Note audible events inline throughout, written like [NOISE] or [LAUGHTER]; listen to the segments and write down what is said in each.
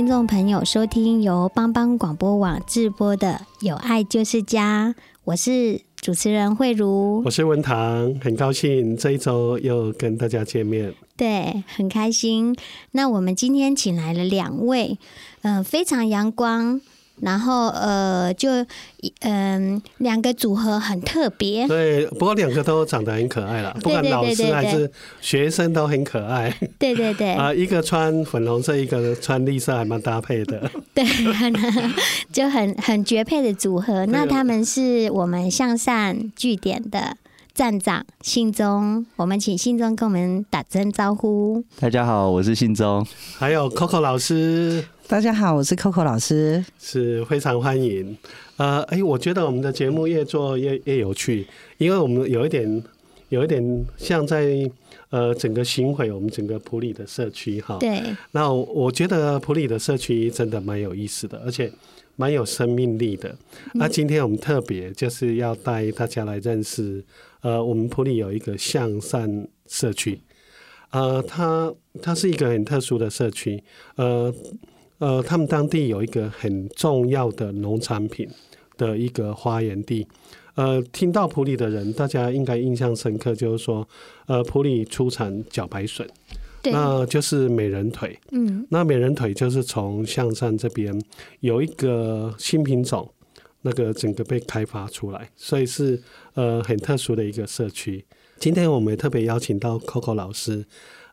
聽眾朋友，收聽由幫幫廣播網製播的《有愛就是家》，我是主持人慧如，我是文堂，很高興這一周又跟大家見面。對，很開心。那我們今天請來了兩位，嗯、呃，非常陽光。然後呃就，就、呃、嗯，兩個組合很特別、呃呃，對，對，不過兩個都長得很可愛了，不管老師還是學生都很可愛。啊、對對對，對，對，對，對，對，對，對。啊，一個穿粉紅色，一色，一個穿綠色，還蠻搭配的、 [LAUGHS] [LAUGHS] [LAUGHS] 嗯。對，對，對，對，對，對， [LAUGHS] 就很很絕配的組合。那他們是我們向善據點的站長信中。我們請信中跟我們打聲招呼。大家好，我是信中，還有 Coco 老師。大家好，我是 Coco 老師，是非常歡迎。呃，哎、欸，我覺得我們的節目越做越越有趣，因為我們有一點有一點像在呃整個巡迴我們整個埔里的社區哈。對。那我，我覺得埔里的社區真的蠻有意思的，而且蠻有生命力的。那、嗯啊、今天我們特別就是要帶大家來認識呃我們埔里有一個向善社區，呃，它它是一個很特殊的社區，呃。呃，他們當地有一個很重要的農產品的一個發源地。呃，聽到埔里的人，大家應該印象深刻，就是說，呃，埔里出產茭白筍，對，那就是美人腿。嗯，那美人腿就是從象山這邊有一個新品種，那個整個被開發出來，所以是呃很特殊的一個社區。今天我們也特別邀請到 Coco 老師。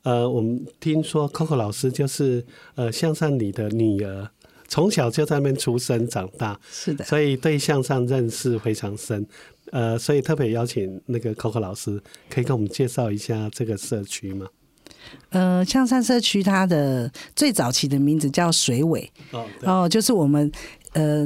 呃，我們聽說 Coco 老師就是呃向善里的女兒，從小就在那邊出生長大，是的，所以對向善認識非常深，呃，所以特別邀請那個 Coco 老師可以跟我們介紹一下這個社區嗎？呃，向善社區它的最早期的名字叫水尾，哦，哦就是我們呃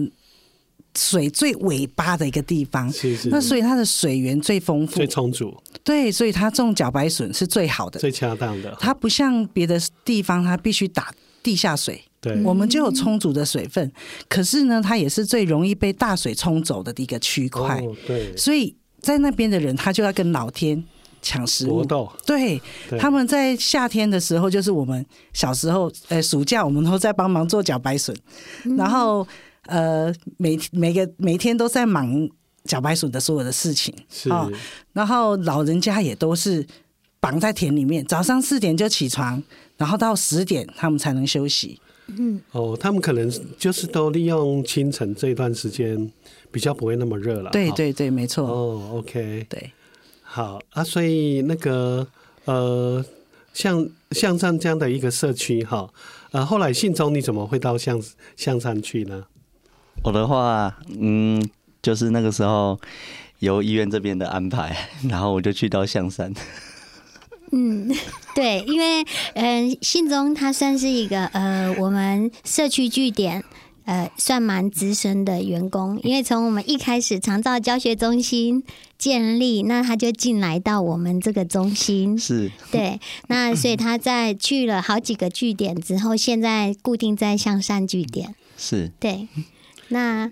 水最尾巴的一個地方，是是是是，那所以它的水源最豐富、最充足。對，所以他種茭白筍是最好的，最恰當的。它不像別的地方，它必須打地下水。對，我們就有充足的水分。可是呢，它也是最容易被大水沖走的一個區塊。哦，對。所以在那邊的人，他就要跟老天搶食物，活動。對，對，他們在夏天的時候，就是我們小時候，呃，暑假我們都在幫忙做茭白筍。嗯，然後呃，每每個每天都在忙。小白鼠的所有的事情啊、哦，然後老人家也都是綁在田裡面，早上四點就起床，然後到十點他們才能休息。嗯，哦，他們可能就是都利用清晨這一段時間比較不會那麼熱了。對對對，哦，沒錯。哦，OK，對，好啊。所以那個呃，像向善這樣的一個社區哈，呃，哦啊，後來信中你怎麼會到向向善去呢？我的話，嗯。就是那個時候，由醫院這邊的安排，然後我就去到向善。嗯，對，因為嗯、呃，信中他算是一個呃，我們社區據點呃，算蠻資深的員工。因為從我們一開始長照教學中心建立，那他就進來到我們這個中心，是對。那所以他在去了好幾個據點之後，現在固定在向善據點。是對，那。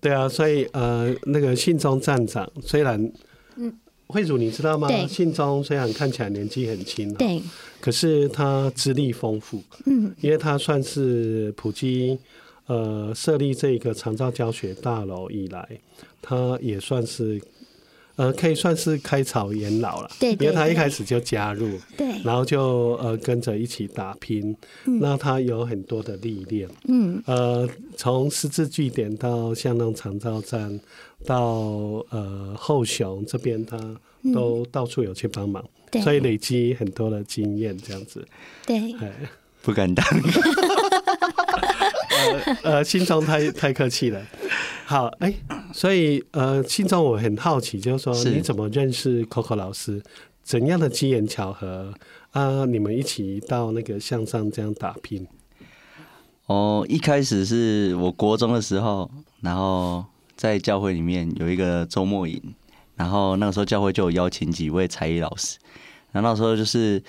對啊，所以呃，那個信中站長雖然，嗯，慧如你知道嗎？信中雖然看起來年紀很輕，對，可是他資歷豐富，嗯，因為他算是埔基呃設立這個長照教學大樓以來，他也算是。呃，可以算是開朝元老了，因為他一開始就加入，對對對，然後就呃跟着一起打拼，嗯，那他有很多的歷練，嗯，呃，從十字據點到巷弄長照站，到呃後雄這邊，他都到處有去幫忙，嗯，所以累積很多的經驗，這樣子對，對，不敢當。 [LAUGHS] 呃 [LAUGHS] 呃，青松太太客氣了。好，哎、欸，所以呃，青松，我很好奇，就是說你怎麼認識 Coco 老師？怎樣的機緣巧合啊？你們一起到那個向善這樣打拼？哦、呃，一開始是我國中的時候，然後在教會裡面有一個週末營，然後那個時候教會就有邀請幾位才藝老師，然後那時候就是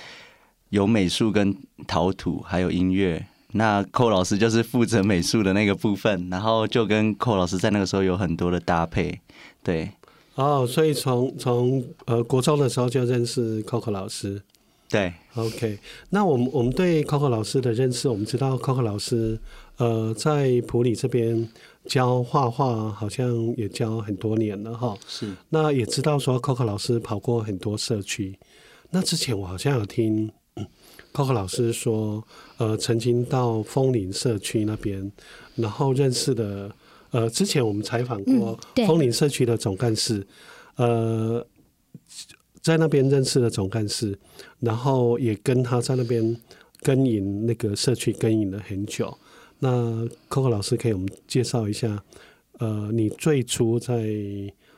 有美術跟陶土，還有音樂。那 Coco 老師就是負責美術的那個部分，然後就跟 Coco 老師在那個時候有很多的搭配，對。哦，oh，所以從從呃國中的時候就認識 Coco 老師，對。OK，那我們我們對 Coco 老師的認識，我們知道 Coco 老師呃在埔里這邊教畫畫，好像也教很多年了哈。是。那也知道說 Coco 老師跑過很多社區，那之前我好像有聽。Coco 老師說：“呃，曾經到楓林社區那邊，然後認識的呃，之前我們採訪過楓林社區的總幹事、嗯，呃，在那邊認識的總幹事，然後也跟他在那邊耕耘那個社區耕耘了很久。那 Coco 老師可以我們介紹一下，呃，你最初在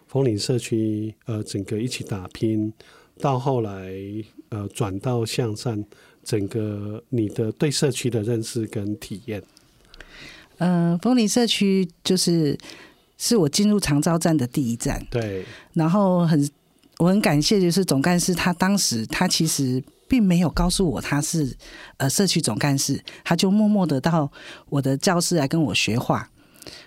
楓林社區呃整個一起打拼，到後來呃轉到向善。”整個你的對社區的認識跟體驗，呃，楓林社區就是是我進入長照站的第一站。對，然後很我很感謝，就是總幹事他當時他其實並沒有告訴我他是呃社區總幹事，他就默默地到我的教室來跟我學畫。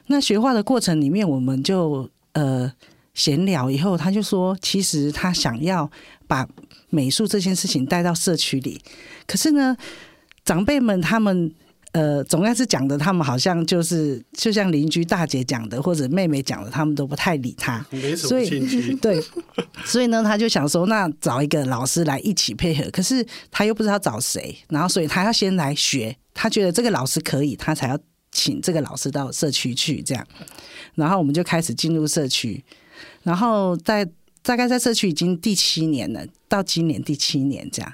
那學畫的過程裡面，我們就呃閒聊以後，他就說其實他想要把。美術這件事情帶到社區裡，可是呢，長輩們他們呃，總要是講的，他們好像就是就像鄰居大姐講的或者妹妹講的，他們都不太理他，沒什麼興趣。所以對， [LAUGHS] 所以呢，他就想說，那找一個老師來一起配合，可是他又不知道找誰，然後所以他要先來學，他覺得這個老師可以，他才要請這個老師到社區去這樣，然後我們就開始進入社區，然後在。大概在社區已經第七年了，到今年第七年這樣。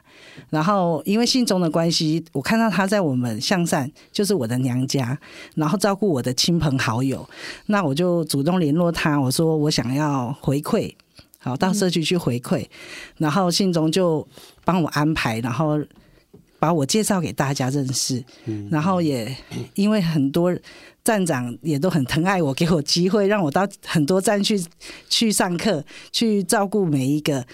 然後因為信中的關係，我看到他在我們向善，就是我的娘家，然後照顧我的親朋好友。那我就主動聯絡他，我說我想要回饋，好，到社區去回饋。嗯、然後信中就幫我安排，然後。把我介紹給大家認識，嗯，然後也因為很多站長也都很疼愛我，給我機會讓我到很多站去去上課，去照顧每一個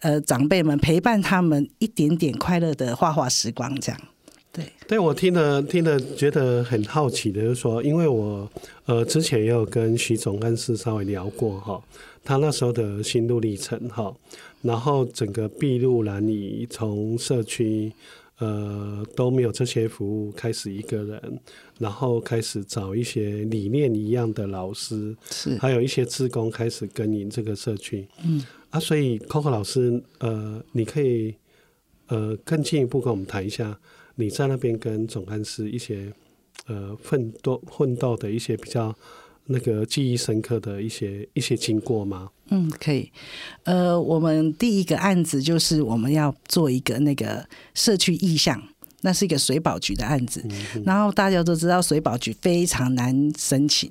呃長輩們，陪伴他們一點點快樂的畫畫時光，這樣。對，對我聽了聽了覺得很好奇的，就是說，因為我呃之前也有跟徐總幹事稍微聊過哈、哦，他那時候的心路歷程哈、哦，然後整個篳路藍縷從社區。呃，都沒有這些服務，開始一個人，然後開始找一些理念一樣的老師，是，還有一些志工開始經營這個社區，嗯，啊，所以 Coco 老師，呃，你可以，呃，更進一步跟我們談一下，你在那邊跟總幹事一些，呃，奮鬥奮鬥的一些比較。那個記憶深刻的一些一些經過嗎？嗯，可以。呃，我們第一個案子就是我們要做一個那個社區意象，那是一個水保局的案子。嗯，嗯。然後大家都知道水保局非常難申請，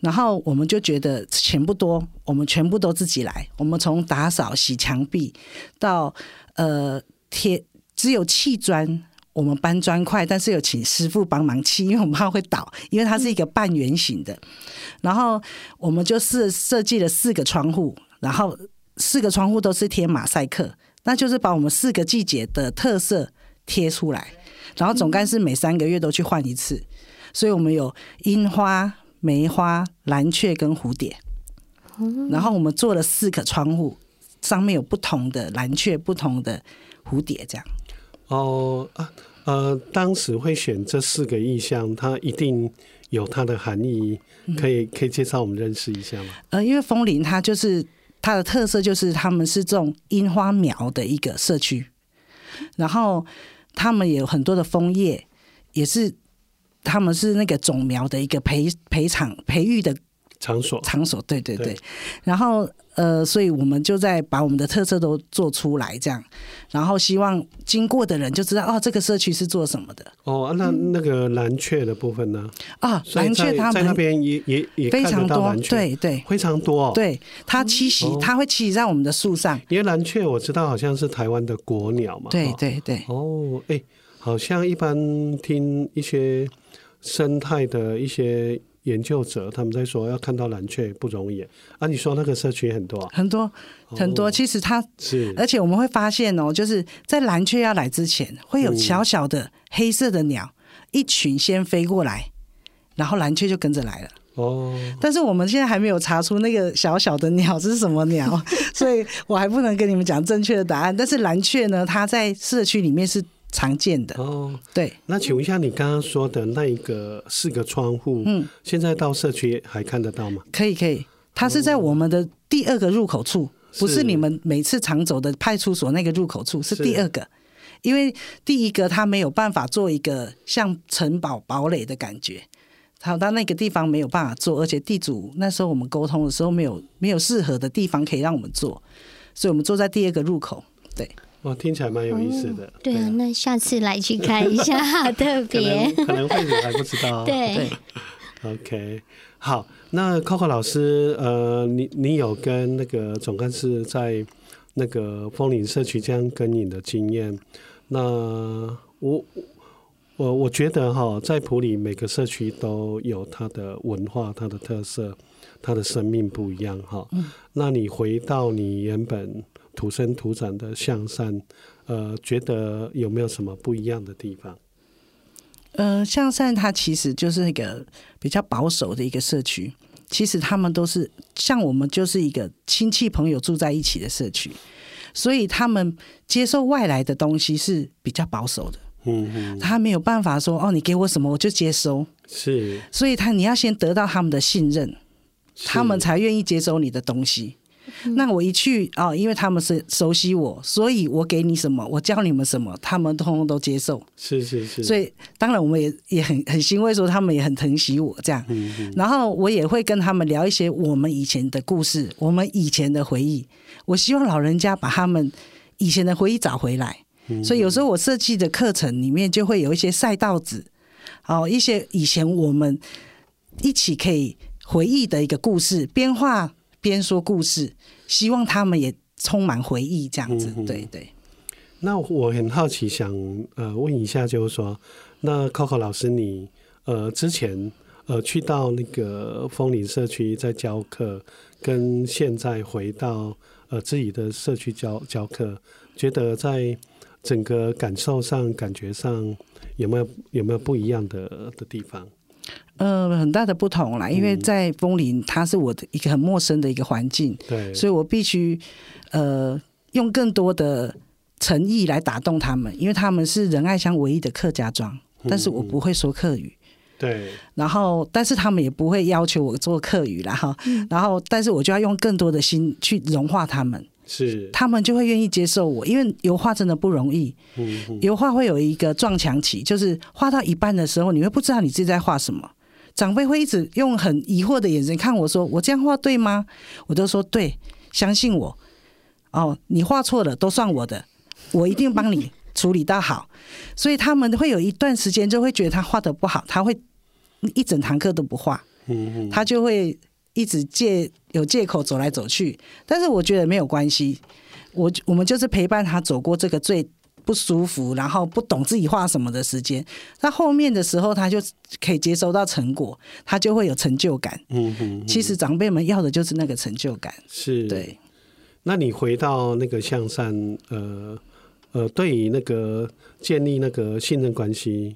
然後我們就覺得錢不多，我們全部都自己來。我們從打掃、洗牆壁到呃貼，只有砌磚。我們搬磚塊，但是有請師傅幫忙砌，因為我們怕會倒，因為它是一個半圓形的。嗯。然後我們就是設計了四個窗戶，然後四個窗戶都是貼馬賽克，那就是把我們四個季節的特色貼出來。然後總幹事每三個月都去換一次，所以我們有櫻花、梅花、藍雀跟蝴蝶。然後我們做了四個窗戶，上面有不同的藍雀、不同的蝴蝶，這樣。哦啊呃，當時會選這四個意象，它一定有它的含義，可以可以介紹我們認識一下嗎？嗯、呃，因為楓林它就是它的特色，就是他們是這種櫻花苗的一個社區，然後他們也有很多的楓葉，也是他們是那個種苗的一個培培場培育的。場所，場所，對對對，對，然後呃，所以我們就在把我們的特色都做出來，這樣，然後希望經過的人就知道，哦，這個社區是做什麼的。哦，那、嗯、那個藍鵲的部分呢？啊、哦，藍鵲他們在，在那邊也也也非常多，對對，非常多哦。對，它棲息，它會棲息在我們的樹上。哦、因為藍鵲，我知道好像是台灣的國鳥嘛。對對對。哦，哎，好像一般聽一些生態的一些。研究者他們在說要看到藍雀不容易啊，啊，你說那個社區很多、啊、很多很多，其實它、哦、是，而且我們會發現哦，就是在藍雀要來之前，會有小小的黑色的鳥、嗯、一群先飛過來，然後藍雀就跟着來了。哦，但是我們現在還沒有查出那個小小的鳥是什麼鳥， [LAUGHS] 所以我還不能跟你們講正確的答案。但是藍雀呢，它在社區裡面是。常見的哦，對。那請問一下，你剛剛說的那一個四個窗戶，嗯，現在到社區還看得到嗎？可以，可以。它是在我們的第二個入口處，哦，不是你們每次常走的派出所那個入口處是，是第二個。因為第一個它沒有辦法做一個像城堡堡壘的感覺，好到那個地方沒有辦法做，而且地主那時候我們溝通的時候沒有沒有適合的地方可以讓我們做，所以我們坐在第二個入口，對。哇，聽起來蠻有意思的，嗯對啊。對啊，那下次來去看一下， [LAUGHS] 好特別。可能會還不知道。 [LAUGHS] 對，OK，好。那 Coco 老師，呃，你你有跟那個總幹事在那個楓林社區這樣跟你的經驗。那我我我覺得哈，在埔里每個社區都有它的文化、它的特色、它的生命不一樣哈，嗯。那你回到你原本。土生土長的向善，呃，覺得有沒有什麼不一樣的地方？嗯、呃，向善他其實就是一個比較保守的一個社區。其實他們都是像我們就是一個親戚朋友住在一起的社區，所以他們接受外來的東西是比較保守的。嗯，嗯，他沒有辦法說哦，你給我什麼我就接收。是，所以他你要先得到他們的信任，他們才願意接收你的東西。那我一去啊、哦，因為他們是熟悉我，所以我給你什麼，我教你們什麼，他們通通都接受。是是是。所以當然我們也也很很欣慰，說他們也很疼惜我這樣、嗯。然後我也會跟他們聊一些我們以前的故事，我們以前的回憶。我希望老人家把他們以前的回憶找回來。嗯、所以有時候我設計的課程裡面就會有一些賽道子哦，一些以前我們一起可以回憶的一個故事，變化。邊說故事，希望他們也充滿回憶，這樣子，嗯、對對。那我很好奇想，想呃問一下，就是說，那 Coco 老師你，你呃之前呃去到那個楓林社區在教課，跟現在回到呃自己的社區教教課，覺得在整個感受上、感覺上有沒有有沒有不一樣的的地方？嗯、呃，很大的不同啦，因為在楓林、嗯，它是我的一個很陌生的一個環境，對，所以我必須呃用更多的誠意來打動他們，因為他們是仁愛鄉唯一的客家莊，但是我不會說客語，嗯嗯、對，然後但是他們也不會要求我做客語啦。哈、嗯，然後但是我就要用更多的心去融化他們。是，他們就會願意接受我，因為油畫真的不容易。嗯、油畫會有一個撞牆期，就是畫到一半的時候，你會不知道你自己在畫什麼。長輩會一直用很疑惑的眼神看我說：“我這樣畫對嗎？”我都說：“對，相信我。”哦，你畫錯了都算我的，我一定幫你處理到好。 [LAUGHS] 所以他們會有一段時間就會覺得他畫得不好，他會一整堂課都不畫，他就會。一直借有借口，走來走去，但是我覺得沒有關係。我我們就是陪伴他走過這個最不舒服，然後不懂自己畫什麼的時間。那後面的時候，他就可以接收到成果，他就會有成就感。嗯哼嗯，其實長輩們要的就是那個成就感。是。對。那你回到那個向善，呃呃，對於那個建立那個信任關係。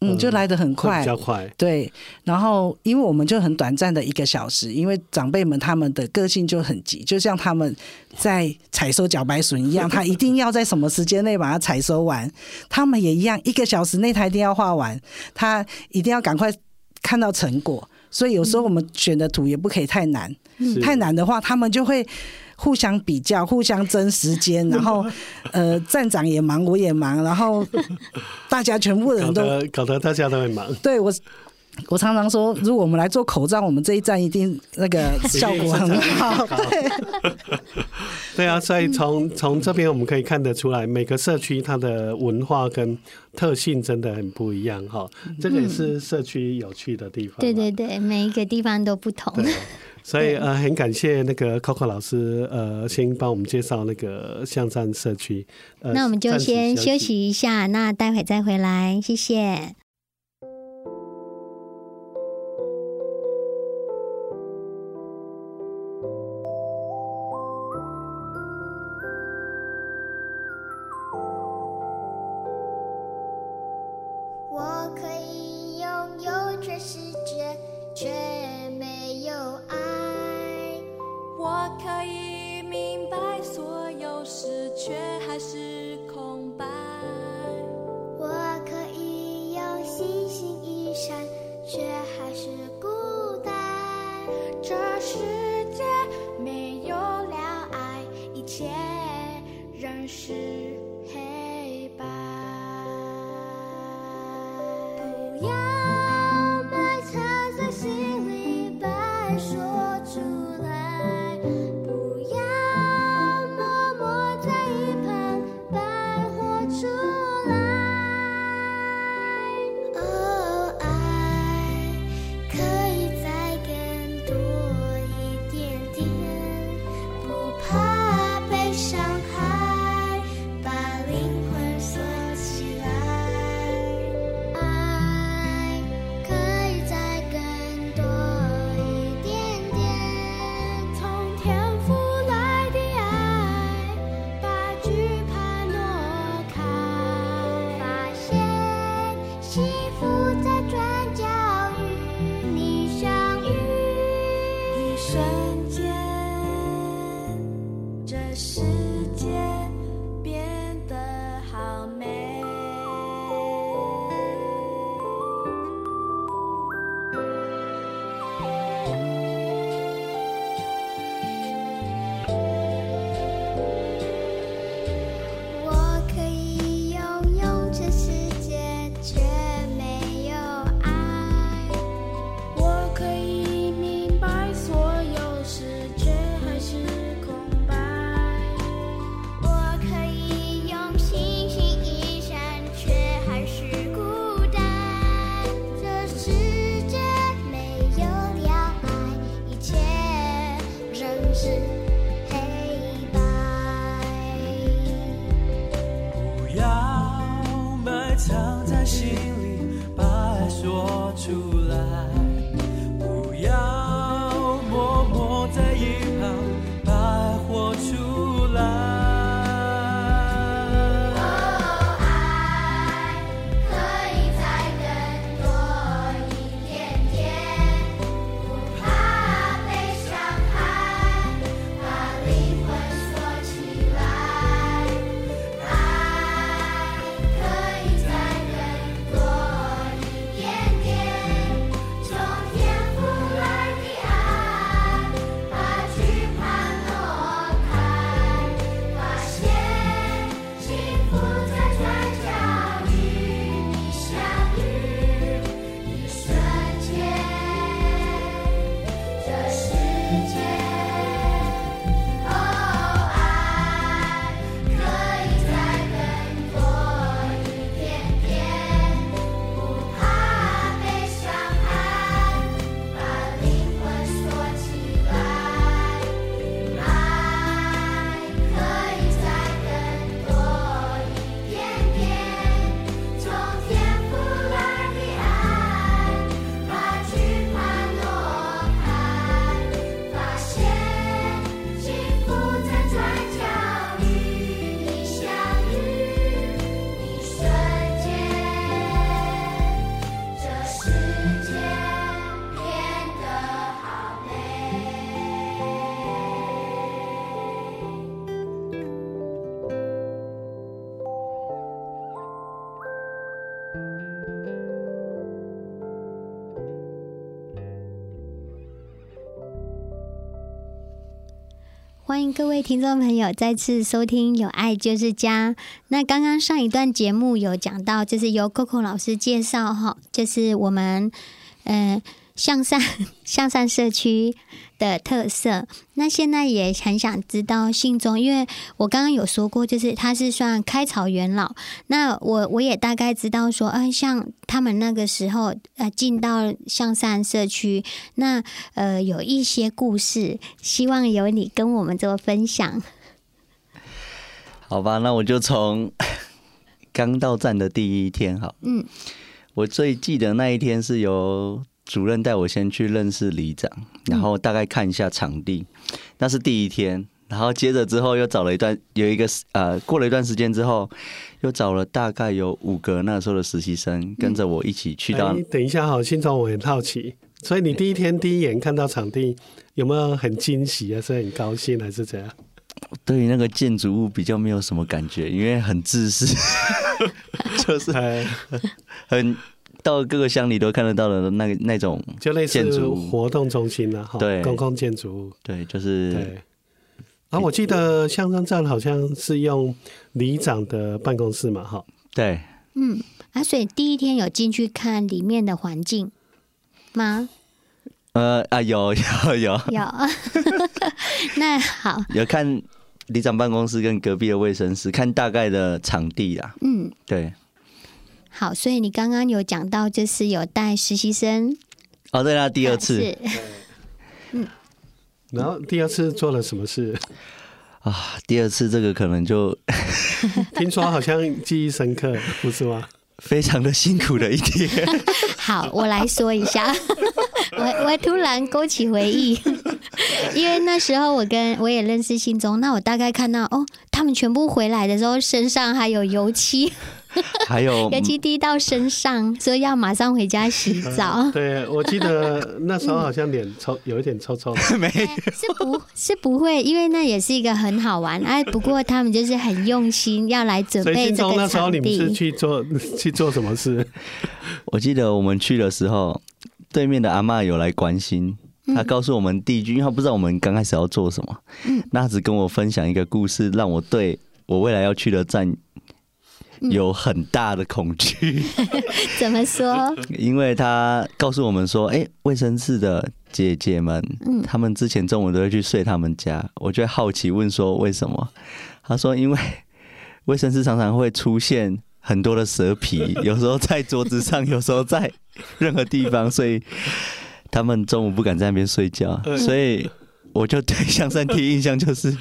嗯，就來得很快，嗯，比較快。對，然後因為我們就很短暫的一個小時，因為長輩們他們的個性就很急，就像他們在採收茭白筍一樣，他一定要在什麼時間內把它採收完。 [LAUGHS] 他們也一樣，一個小時內他一定要畫完，他一定要趕快看到成果。所以有時候我們選的圖也不可以太難，嗯，太難的話他們就會。互相比較，互相爭時間，然後， [LAUGHS] 呃，站長也忙，我也忙，然後大家全部人都搞得、得大家都很忙。對，我，我常常說，如果我們來做口罩，我們這一站一定那個效果很好。 [LAUGHS] [LAUGHS] 好對， [LAUGHS] 對啊，所以從從這邊我們可以看得出來，每個社區它的文化跟特性真的很不一樣哈、哦。這個也是社區有趣的地方、嗯。對對對，每一個地方都不同。所以呃，很感謝那個 Coco 老師，呃，先幫我們介紹那個向善社區、呃呃。那我們就先休息一下，那待會再回來，謝謝。我可以擁有全世界，卻。歡迎各位聽眾朋友再次收聽《有愛就是家》。那剛剛上一段節目有講到，就是由 Coco 老師介紹哈，就是我們嗯。呃向善向善社區的特色，那現在也很想知道信中，因為我剛剛有說過，就是他是算開朝元老，那我我也大概知道說，嗯、啊，像他們那個時候呃進到向善社區，那呃有一些故事，希望有你跟我們做分享。好吧，那我就從剛到站的第一天好，嗯，我最記得那一天是由。主任帶我先去認識里長，然後大概看一下場地，嗯、那是第一天。然後接着之後又找了一段，有一個呃，過了一段時間之後，又找了大概有五個那時候的實習生、嗯、跟着我一起去到。欸、等一下好，新總我很好奇，所以你第一天、欸、第一眼看到場地有沒有很驚喜，還是很高興，還是怎樣？對於那個建築物比較沒有什麼感覺，因為很自私， [LAUGHS] 就是很。到各個鄉里都看得到的那個、那種建築，就類似活動中心了、啊、哈，對，公共建築物，對，就是對。啊，我記得向善站好像是用里長的辦公室嘛，哈、欸，對，嗯，啊，所以第一天有進去看裡面的環境嗎？呃啊，有有有有，有有 [LAUGHS] 那好，有看里長辦公室跟隔壁的衛生室，看大概的場地啊。嗯，對。好，所以你剛剛有講到，就是有帶實習生。哦，對了，第二次。嗯是。然後第二次做了什麼事？啊，第二次這個可能就……聽說好像記憶深刻， [LAUGHS] 不是嗎？非常的辛苦的一天。 [LAUGHS] 好，我來說一下。 [LAUGHS] 我我突然勾起回憶， [LAUGHS] 因為那時候我跟我也認識信中，那我大概看到哦，他們全部回來的時候身上還有油漆。還有，直接滴到身上，所以要馬上回家洗澡，呃。對，我記得那時候好像臉抽、嗯、有一點臭臭的，沒、欸、是不，是不會，因為那也是一個很好玩哎、啊。不過他們就是很用心要來準備這個場地。所以，那時候你們是去做去做什麼事？我記得我們去的時候，對面的阿媽有來關心，他、嗯、告訴我們帝君，因為他不知道我們剛開始要做什麼，那她只跟我分享一個故事，讓我對我未來要去的站有很大的恐懼，怎麼說？因為他告訴我們說：“誒、欸，衛生室的姐姐們，他們之前中午都會去睡他們家。”我就好奇問說：“為什麼？”他說：“因為衛生室常常會出現很多的蛇皮， [LAUGHS] 有時候在桌子上，有時候在任何地方，所以他們中午不敢在那邊睡覺。嗯”所以我就對向善第一印象就是。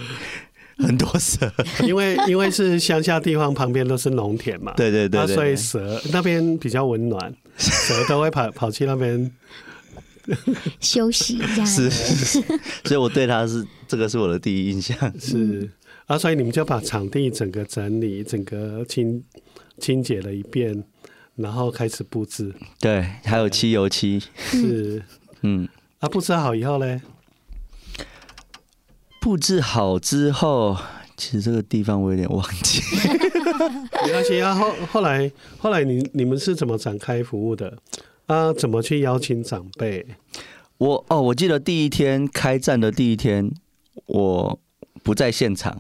很多蛇， [LAUGHS] 因為因為是鄉下地方，旁邊都是農田嘛， [LAUGHS] 對，對對對，啊、所以蛇那邊比較溫暖， [LAUGHS] 蛇都會跑跑去那邊 [LAUGHS] 休息一下 [LAUGHS] 是是。是，所以我對它是這個是我的第一印象、嗯。是，啊，所以你們就把場地整個整理、整個清清潔了一遍，然後開始佈置。對，對還有漆油漆。是，嗯，啊，佈置好以後嘞？布置好之後，其實這個地方我有點忘記。 [LAUGHS] 沒關係，啊，後後來後來你你們是怎麼展開服務的？啊，怎麼去邀請長輩？我哦，我記得第一天開站的第一天，我不在現場。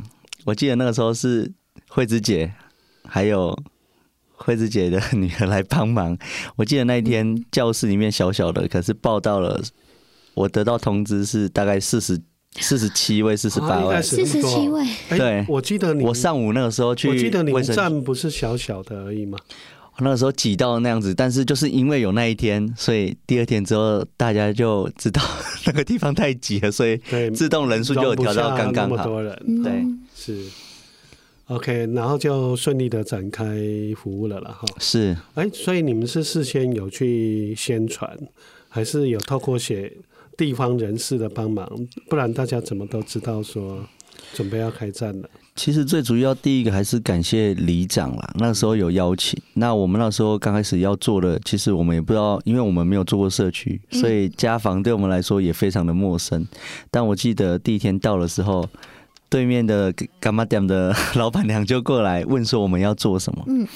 我記得那個時候是惠子姐還有惠子姐的女兒來幫忙。我記得那一天教室裡面小小的，可是報到了，我得到通知是大概四十。四十七位，四十八位，四十七位。對，我記得你。我上午那個時候去，我記得你們站不是小小的而已嗎？那個時候擠到那樣子，但是就是因為有那一天，所以第二天之後大家就知道那個地方太擠了，所以自動人數就調到剛剛好。不那麼多人，對，是。OK，然後就順利的展開服務了了哈。是，哎、欸，所以你們是事先有去宣傳，還是有透過寫？地方人士的幫忙，不然大家怎麼都知道說準備要開站了？其實最主要第一個還是感謝里長啦，那時候有邀請。那我們那時候剛開始要做的，其實我們也不知道，因為我們沒有做過社區，所以家訪對我們來說也非常的陌生、嗯。但我記得第一天到的時候，對面的柑仔店的老闆娘就過來問說我們要做什麼。嗯，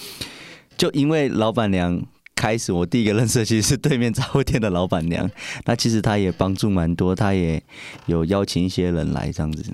就因為老闆娘。開始我第一個認識其實是對面雜貨店的老闆娘，那其實她也幫助蠻多，她也有邀請一些人來這樣子，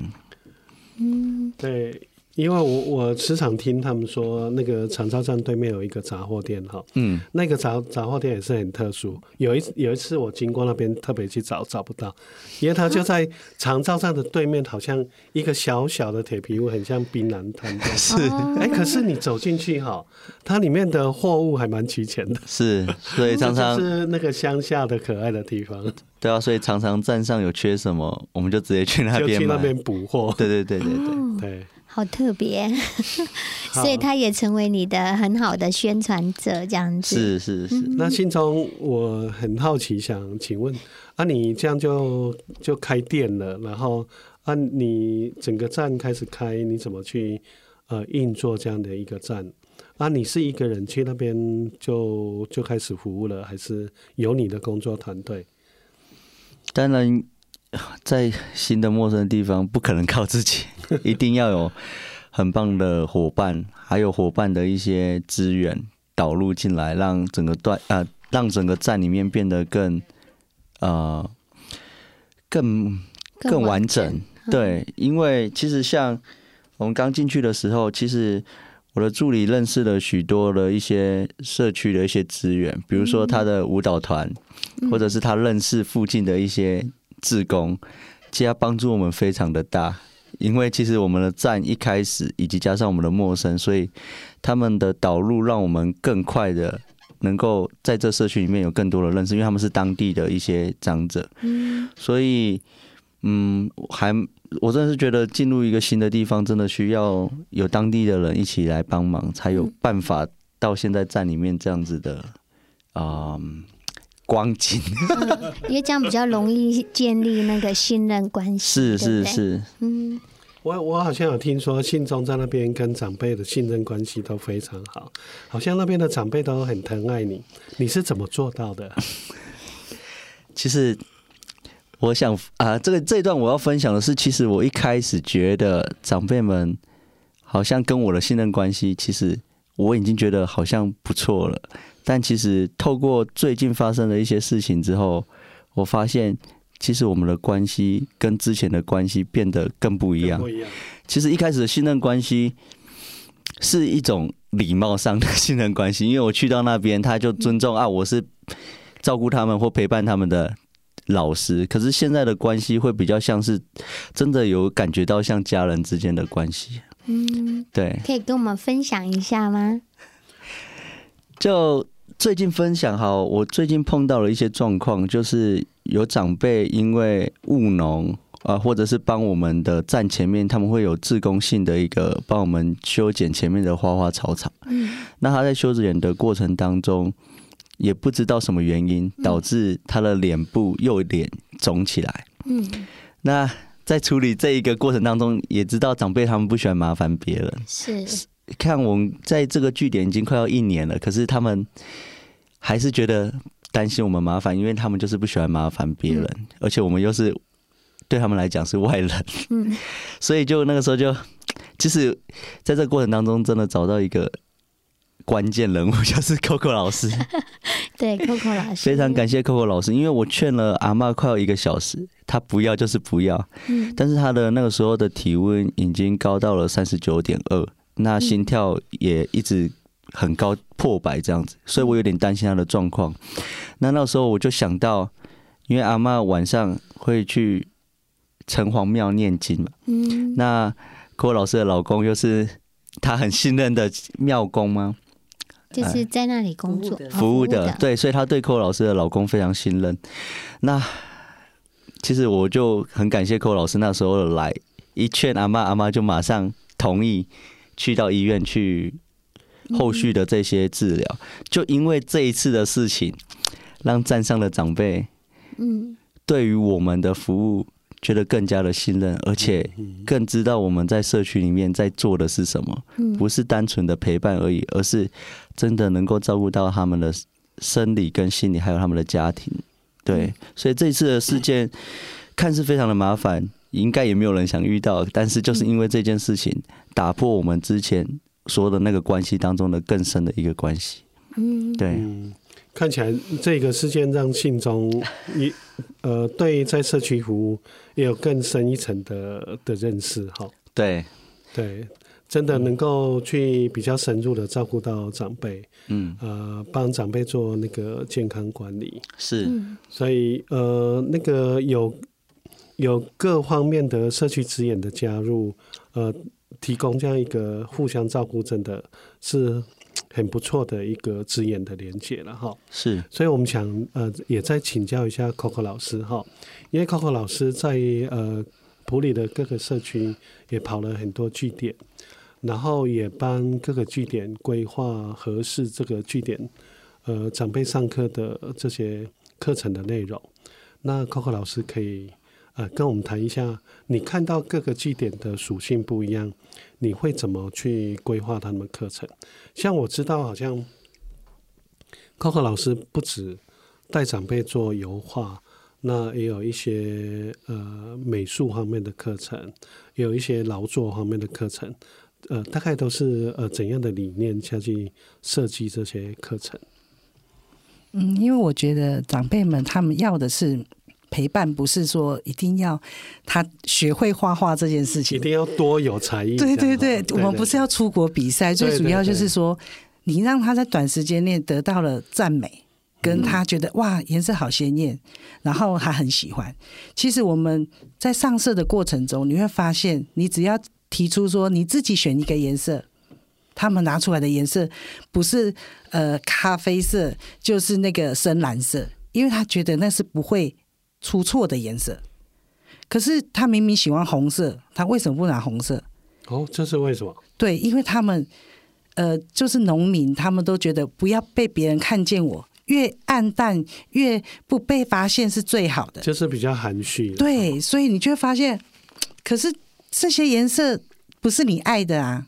嗯，對。因為我我時常聽他們說，那個長照站對面有一個雜貨店哈，嗯，那個雜雜貨店也是很特殊。有一有一次我經過那邊，特別去找找不到，因為它就在長照站的對面，好像一個小小的鐵皮屋，很像檳榔攤。是，哎、欸，可是你走進去哈，它裡面的貨物還蠻齊全的。是，所以常常 [LAUGHS] 是那個鄉下的可愛的地方。對啊，所以常常站上有缺什麼，我們就直接去那邊去那邊補貨。 [LAUGHS] 對，對對對對對。對，好特別， [LAUGHS] 所以他也成為你的很好的宣傳者，這樣子。是是是、嗯。那新聰，我很好奇，想請問，啊，你這樣就就開店了，然後啊，你整個站開始開，你怎麼去呃運作這樣的一個站、啊？那你是一個人去那邊就就開始服務了，還是有你的工作團隊？當然。在新的陌生的地方，不可能靠自己，一定要有很棒的夥伴，還有夥伴的一些資源導入進來，讓整個段啊，讓整個站裡面變得更呃更更完，更完整。對、嗯，因為其實像我們剛進去的時候，其實我的助理認識了許多的一些社區的一些資源，比如說他的舞蹈團、嗯，或者是他認識附近的一些。志工，其實幫助我們非常的大，因為其實我們的站一開始，以及加上我們的陌生，所以他們的導入讓我們更快的能夠在這社區裡面有更多的認識，因為他們是當地的一些長者、嗯，所以，嗯，還我真的是覺得進入一個新的地方，真的需要有當地的人一起來幫忙，才有辦法到現在站裡面這樣子的，啊、嗯。嗯光景 [LAUGHS] 、嗯，因為這樣比較容易建立那個信任關係。 [LAUGHS] 是是是，嗯，我我好像有聽說信中在那邊跟長輩的信任關係都非常好，好像那邊的長輩都很疼愛你。你是怎麼做到的？ [LAUGHS] 其實，我想啊、呃，這個這一段我要分享的是，其實我一開始覺得長輩們好像跟我的信任關係，其實我已經覺得好像不錯了。但其實透過最近發生的一些事情之後，我發現其實我們的關係跟之前的關係變得更不一樣。不一樣。其實一開始的信任關係是一種禮貌上的信任關係，因為我去到那邊，他就尊重啊，我是照顧他們或陪伴他們的老師。可是現在的關係會比較像是真的有感覺到像家人之間的關係。嗯，對，可以跟我們分享一下嗎？ [LAUGHS] 就。最近分享好，我最近碰到了一些狀況，就是有長輩因為務農啊、呃，或者是幫我們的站前面，他們會有志工性的一個幫我們修剪前面的花花草草。嗯，那他在修剪的過程當中，也不知道什麼原因導致他的臉部右臉腫起來。嗯，那在處理這一個過程當中，也知道長輩他們不喜歡麻煩別人。是。看，我們在這個據點已經快要一年了，可是他們還是覺得擔心我們麻煩，因為他們就是不喜歡麻煩別人、嗯，而且我們又是對他們來講是外人，嗯，所以就那個時候就，就是在這個過程當中，真的找到一個關鍵人物，就是 Coco 老師， [LAUGHS] 對 Coco 老師，非常感謝 Coco 老師，嗯、因為我勸了阿嬤快要一個小時，她不要就是不要，嗯、但是她的那個時候的體溫已經高到了三十九點二。那心跳也一直很高，嗯、破百這樣子，所以我有點擔心他的狀況。那、嗯、那時候我就想到，因為阿嬤晚上會去城隍廟念經嘛、嗯，那郭老師的老公又是他很信任的廟公嗎？就是在那裡工作、呃、服務、服務、服務的，對，所以他對柯老師的老公非常信任。那其實我就很感謝柯老師那時候來一勸阿嬤，阿嬤就馬上同意。去到醫院去後續的這些治療。就因為這一次的事情，讓站上的長輩，嗯，對於我們的服務覺得更加的信任，而且更知道我們在社區裡面在做的是什麼，不是單純的陪伴而已，而是真的能夠照顧到他們的生理跟心理，還有他們的家庭。對，所以這次的事件看似非常的麻煩。應該也沒有人想遇到，但是就是因為這件事情打破我們之前說的那個關係當中的更深的一個關係。嗯，對。看起來這個事件讓信中一呃，對在社區服務也有更深一層的的認識哈。對，對，真的能夠去比較深入的照顧到長輩，嗯，呃，幫長輩做那個健康管理。是，嗯，所以呃那個有。有各方面的社區資源的加入，呃，提供這樣一個互相照顧，真的是很不錯的一個資源的連接了哈。是，所以我們想呃，也再請教一下 Coco 老師哈，因為 Coco 老師在呃埔里的各個社區也跑了很多據點，然後也幫各個據點規劃合適這個據點呃長輩上課的這些課程的內容。那 Coco 老師可以。呃，跟我們談一下，你看到各個據點的屬性不一樣，你會怎麼去規劃他們課程？像我知道，好像 CoCo 老師不止帶長輩做油畫，那也有一些呃美術方面的課程，也有一些勞作方面的課程，呃，大概都是呃怎樣的理念下去設計這些課程？嗯，因為我覺得長輩們他們要的是。陪伴不是說一定要他學會畫畫這件事情，一定要多有才藝。對對對，我們不是要出國比賽，最主要就是說，你讓他在短時間內得到了讚美，跟他覺得哇顏色好鮮豔，然後他很喜歡。其實我們在上色的過程中，你會發現，你只要提出說你自己選一個顏色，他們拿出來的顏色不是呃咖啡色，就是那個深藍色，因為他覺得那是不會出錯的顏色，可是他明明喜歡紅色，他為什麼不拿紅色？哦，這是為什麼？對，因為他們，呃，就是農民，他們都覺得不要被別人看見我，我越暗淡越不被發現是最好的，就是比較含蓄的。對、哦，所以你就會發現，可是這些顏色不是你愛的啊。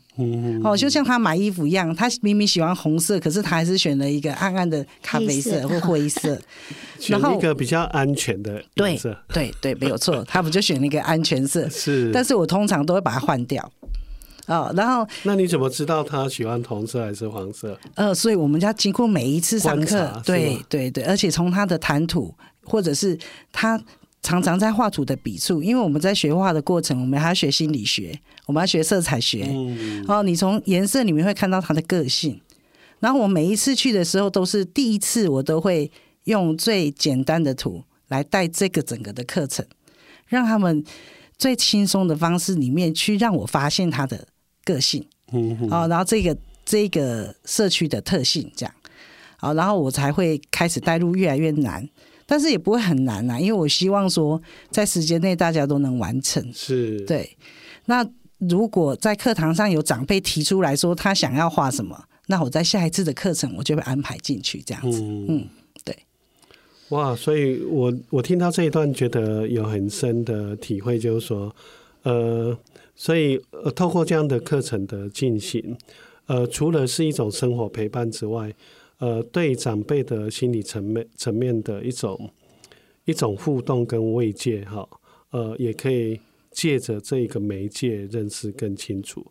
哦，就像他買衣服一樣，他明明喜歡紅色，可是他還是選了一個暗暗的咖啡色或灰色，選一個比較安全的顏色，對對,對，沒有錯，他不就選了一個安全色？ [LAUGHS] 是，但是我通常都會把它換掉。哦，然後那你怎麼知道他喜歡紅色還是黃色？呃，所以我們家經過每一次上課，對對對，而且從他的談吐或者是他。常常在畫圖的筆觸，因為我們在學畫的過程，我們還要學心理學，我們要學色彩學。哦、嗯，然後你從顏色裡面會看到他的個性。然後我每一次去的時候，都是第一次，我都會用最簡單的圖來帶這個整個的課程，讓他們最輕鬆的方式裡面去讓我發現他的個性。哦、嗯嗯，然後這個這個社區的特性這樣，哦，然後我才會開始帶入越來越難。但是也不會很難啊，因為我希望說，在時間內大家都能完成。是對。那如果在課堂上有長輩提出來說他想要畫什麼，那我在下一次的課程我就會安排進去這樣子嗯。嗯，對。哇，所以我我聽到這一段，覺得有很深的體會，就是說，呃，所以呃，透過這樣的課程的進行，呃，除了是一種生活陪伴之外。呃，對長輩的心理層面層面的一種一種互動跟慰藉哈，呃，也可以借着這個媒介認識更清楚。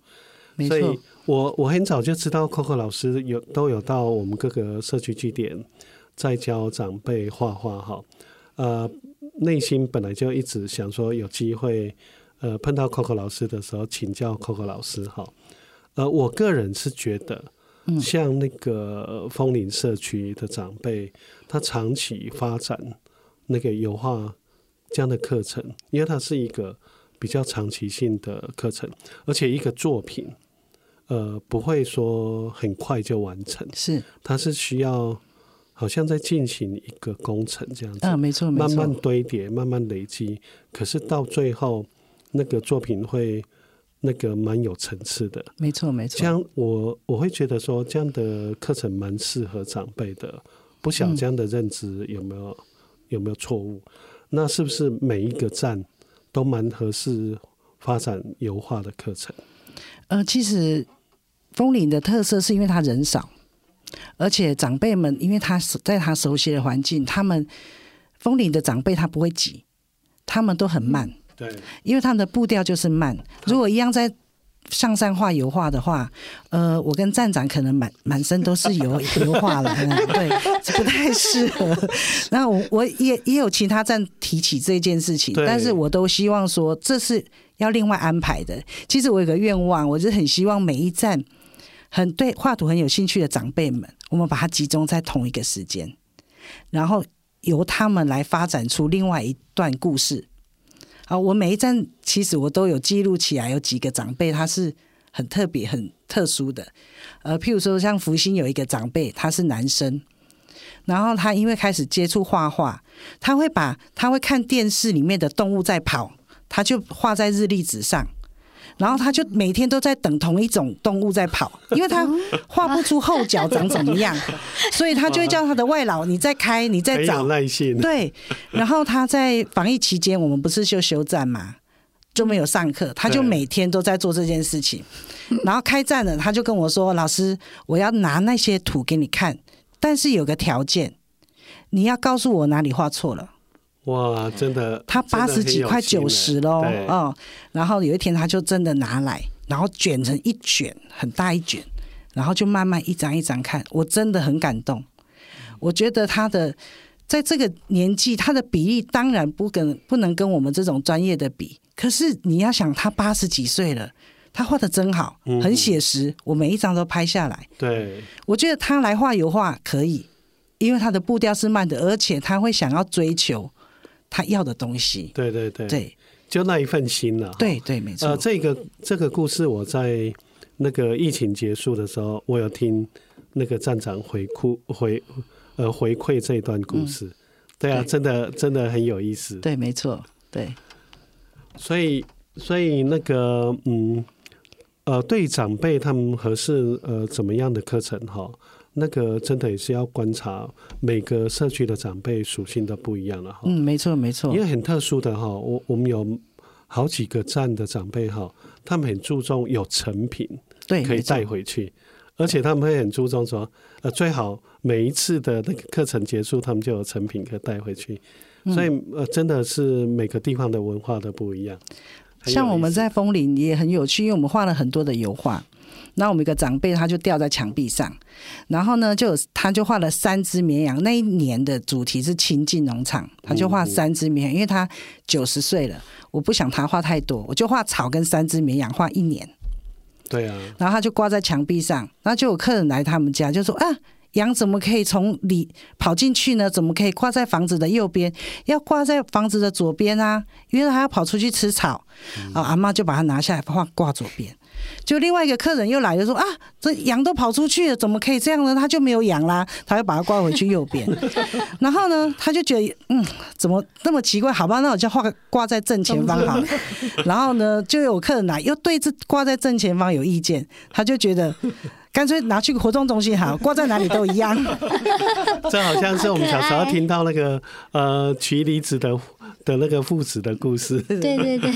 沒錯。所以我我很早就知道 Coco 老師有都有到我們各個社區據點，在教長輩畫畫哈。呃，內心本來就一直想說有機會，呃，碰到 Coco 老師的時候請教 Coco 老師哈。呃，我個人是覺得。像那個楓林社區的長輩，他長期發展那個油畫這樣的課程，因為它是一個比較長期性的課程，而且一個作品，呃，不會說很快就完成，是，它是需要好像在進行一個工程這樣子，啊，沒錯，沒錯，慢慢堆疊，慢慢累積，可是到最後那個作品會。那個蠻有層次的，沒錯沒錯。這樣我我會覺得說，這樣的課程蠻適合長輩的。不曉得這樣的認知有沒有、嗯、有沒有錯誤？那是不是每一個站都蠻合適發展油畫的課程、嗯嗯嗯嗯嗯嗯嗯？呃，其實風鈴的特色是因為他人少，而且長輩們因為他在他熟悉的環境，他們風鈴的長輩他不會擠，他們都很慢。對，因為他們的步調就是慢。如果一樣在上山畫油畫的話，呃，我跟站長可能滿滿身都是油， [LAUGHS] 油畫了、嗯，對，不太適合。那我我也也有其他站提起這件事情，但是我都希望說這是要另外安排的。其實我有個願望，我就很希望每一站很對畫圖很有興趣的長輩們，我們把它集中在同一個時間，然後由他們來發展出另外一段故事。啊，我每一站其實我都有記錄起來，有幾個長輩他是很特別、很特殊的。呃，譬如說像福星有一個長輩，他是男生，然後他因為開始接觸畫畫，他會把他會看電視裡面的動物在跑，他就畫在日曆紙上。然後他就每天都在等同一種動物在跑，因為他畫不出後腳長怎麼樣， [LAUGHS] 所以他就會叫他的外勞你在開，你在找，耐心。對，然後他在防疫期間，我們不是就休站嘛，就沒有上課，他就每天都在做這件事情。然後開站了，他就跟我說：“ [LAUGHS] 老師，我要拿那些圖給你看，但是有個條件，你要告訴我哪裡畫錯了。”哇，真的，他八十幾快九十嘍，嗯，然後有一天他就真的拿來，然後捲成一卷，很大一卷，然後就慢慢一張一張看，我真的很感動。我覺得他的在這個年紀，他的比例當然不跟不能跟我們這種專業的比，可是你要想他八十幾歲了，他畫的真好，很寫實，我每一張都拍下來。嗯。對，我覺得他來畫油畫可以，因為他的步調是慢的，而且他會想要追求。他要的東西，對對對，對，就那一份心了。對對，沒錯。呃，這個這個故事，我在那個疫情結束的時候，我有聽那個站長回哭回呃回饋這一段故事。嗯，對啊，對真的真的很有意思。對，沒錯，對。所以所以那個嗯呃，對長輩他們合適呃怎麼樣的課程哈？哦那個真的也是要觀察每個社區的長輩屬性都不一樣了哈。嗯，沒錯，沒錯。因為很特殊的哈，我我們有好幾個站的長輩哈，他們很注重有成品，對，可以帶回去，而且他們會很注重說，呃，最好每一次的那個課程結束，他們就有成品可以帶回去。所以呃，真的是每個地方的文化都不一樣。嗯，像我們在楓林也很有趣，因為我們畫了很多的油畫。那我們一個長輩，他就吊在牆壁上，然後呢，就他就畫了三隻綿羊。那一年的主題是清境農場，他就畫三隻綿羊，因為他九十歲了，我不想他畫太多，我就畫草跟三隻綿羊，畫一年。對啊，然後他就掛在牆壁上，然後就有客人來他們家，就說啊，羊怎麼可以從裡跑進去呢？怎麼可以掛在房子的右邊？要掛在房子的左邊啊，因為他要跑出去吃草。啊、嗯哦，阿媽就把它拿下來，畫掛左邊。就另外一個客人又來了，說啊，這羊都跑出去了，怎麼可以這樣呢？他就沒有羊啦，他又把它掛回去右邊。 [LAUGHS] 然後呢，他就覺得嗯，怎麼那麼奇怪？好吧，那我就畫掛，掛在正前方好。嗯、 [LAUGHS] 然後呢，就有客人來又對這掛在正前方有意見，他就覺得乾脆拿去活動中心好，掛在哪裡都一樣。 [LAUGHS] 這好像是我們小時候聽到那個呃，曲離子的的那個父子的故事。對對對，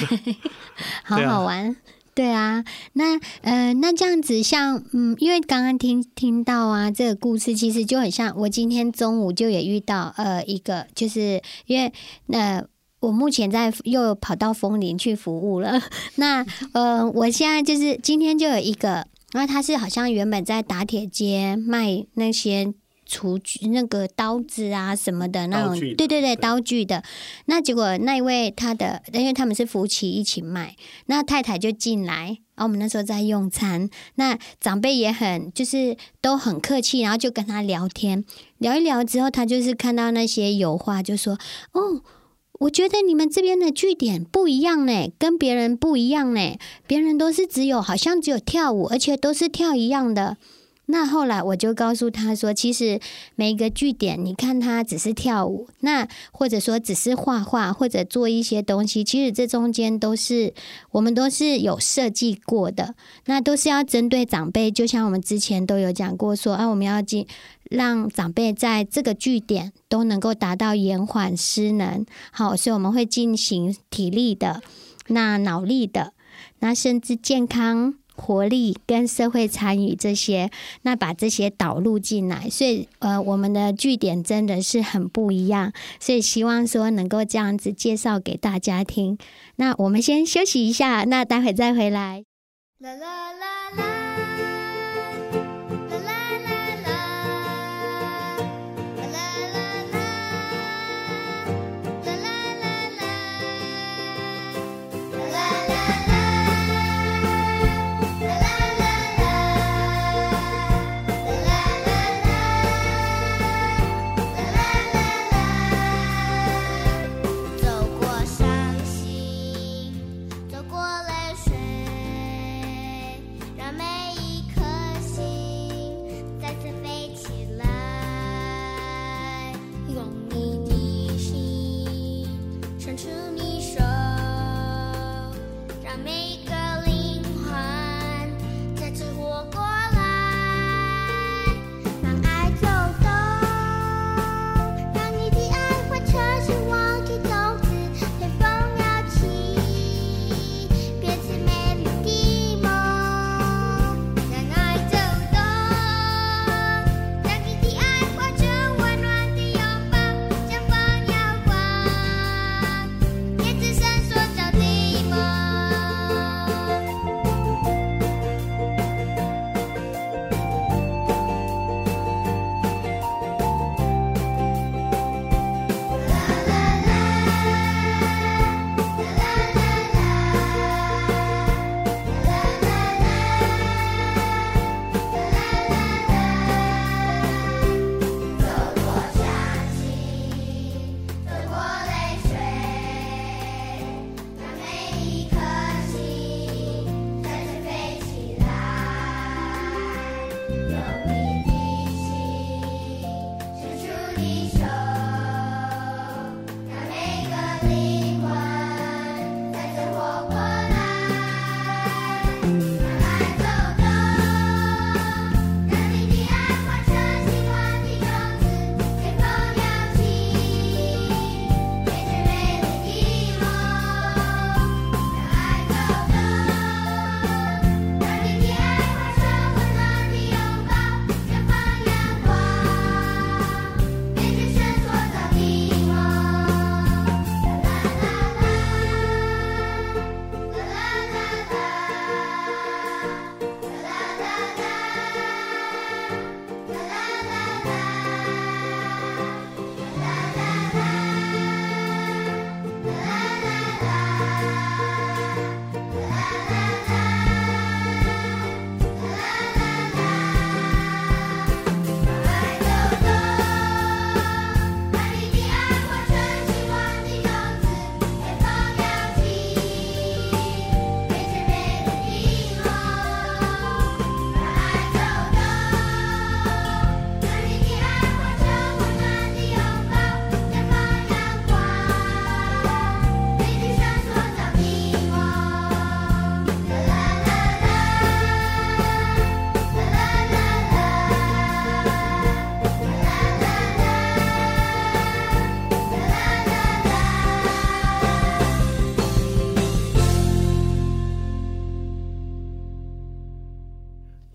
[LAUGHS] 好好玩。 [LAUGHS] 對啊，那嗯、呃，那這樣子像嗯，因為剛剛聽聽到啊，這個故事其實就很像我今天中午就也遇到呃一個，就是因為那、呃、我目前在又跑到楓林去服務了，那呃，我現在就是今天就有一個，然後他是好像原本在打鐵街賣那些。廚具、那個刀子啊什麼的那種的，對對對，刀具的。那結果那一位他的，因為他們是夫妻一起賣，那太太就進來，然後我們那時候在用餐，那長輩也很就是都很客氣，然後就跟他聊天，聊一聊之後，他就是看到那些油畫，就說：“哦，我覺得你們這邊的據點不一樣嘞，跟別人不一樣嘞，別人都是只有好像只有跳舞，而且都是跳一樣的。”那後來我就告訴他說，其實每一個據點，你看他只是跳舞，那或者說只是畫畫，或者做一些東西，其實這中間都是我們都是有設計過的，那都是要針對長輩。就像我們之前都有講過說，說啊，我們要進讓長輩在這個據點都能夠達到延緩失能。好，所以我們會進行體力的，那腦力的，那甚至健康，活力跟社會參與這些，那把這些導入進來，所以呃，我們的據點真的是很不一樣。所以希望說能夠這樣子介紹給大家聽。那我們先休息一下，那待會再回來。啦啦啦啦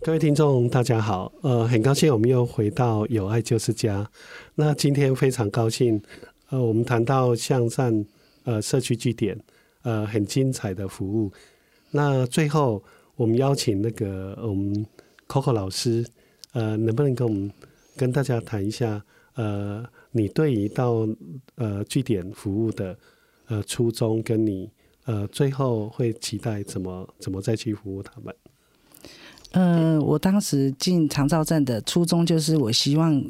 各位聽眾，大家好。呃，很高興我們又回到有愛就是家。那今天非常高興，呃，我們談到向善呃社區據點，呃，很精彩的服務。那最後，我們邀請那個我們 Coco 老師，呃，能不能跟我們跟大家談一下，呃，你對於到呃據點服務的呃初衷，跟你呃最後會期待怎麼怎麼再去服務他們？嗯，我當時進長照站的初衷就是，我希望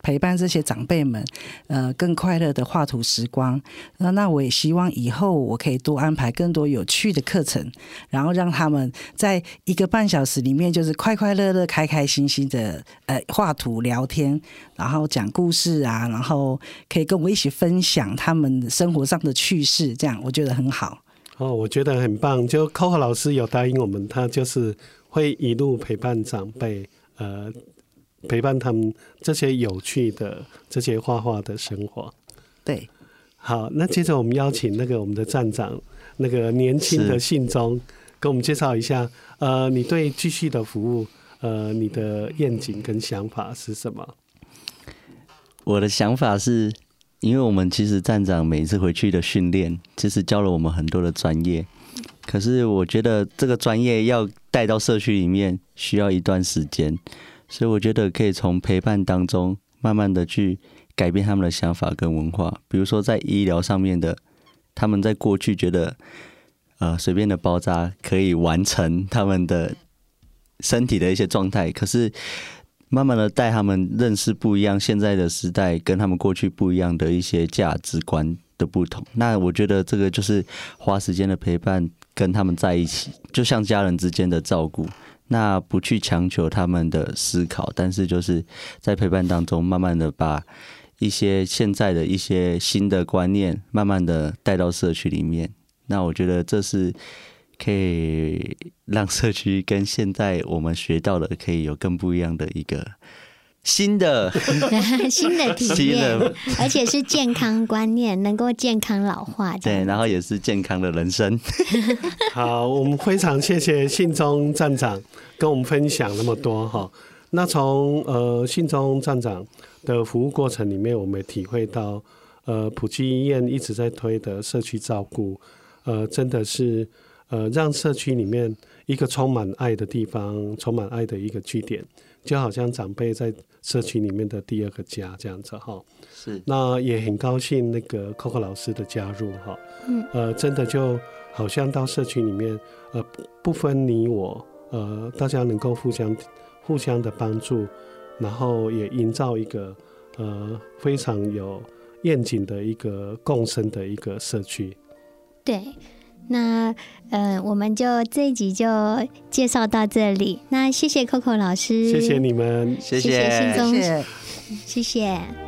陪伴這些長輩們，呃，更快樂的畫圖時光。那，那我也希望以後我可以多安排更多有趣的課程，然後讓他們在一個半小時裡面，就是快快樂樂、開開心心的呃畫圖、聊天，然後講故事啊，然後可以跟我一起分享他們生活上的趣事，這樣我覺得很好。哦，我覺得很棒。就 CoCo 老師有答應我們，他就是。會一路陪伴長輩，呃，陪伴他們這些有趣的這些畫畫的生活。對，好，那接着我們邀請那個我們的站長，那個年輕的信中跟我們介紹一下，呃，你對繼續的服務，呃，你的願景跟想法是什麼？我的想法是，因為我們其實站長每次回去的訓練，其實教了我們很多的專業。可是我覺得這個專業要帶到社區裡面需要一段時間，所以我覺得可以從陪伴當中慢慢的去改變他們的想法跟文化。比如說在醫療上面的，他們在過去覺得，呃，隨便的包紮可以完成他們的身體的一些狀態。可是慢慢的帶他們認識不一樣現在的時代，跟他們過去不一樣的一些價值觀的不同。那我覺得這個就是花時間的陪伴。跟他們在一起，就像家人之間的照顧。那不去強求他們的思考，但是就是在陪伴當中，慢慢的把一些現在的一些新的觀念，慢慢的帶到社區裡面。那我覺得這是可以讓社區跟現在我們學到的，可以有更不一樣的一個。新的 [LAUGHS] 新的體驗，而且是健康觀念，能夠健康老化。對，然後也是健康的人生。 [LAUGHS] 好，我們非常謝謝信中站長跟我們分享那麼多哈。那從呃信中站長的服務過程裡面，我們也體會到，呃，埔基醫院一直在推的社區照顧，呃，真的是呃讓社區裡面一個充滿愛的地方，充滿愛的一個據點，就好像長輩在。社區裡面的第二個家這樣子哈，是，那也很高興那個 Coco 老師的加入哈，嗯呃，真的就好像到社區裡面呃，不分你我呃，大家能夠互相互相的幫助，然後也營造一個呃非常有願景的一個共生的一個社區。對。那，呃，我們就這一集就介紹到這裡。那謝謝 Coco 老師，謝謝你們，謝謝謝謝，謝謝，謝謝。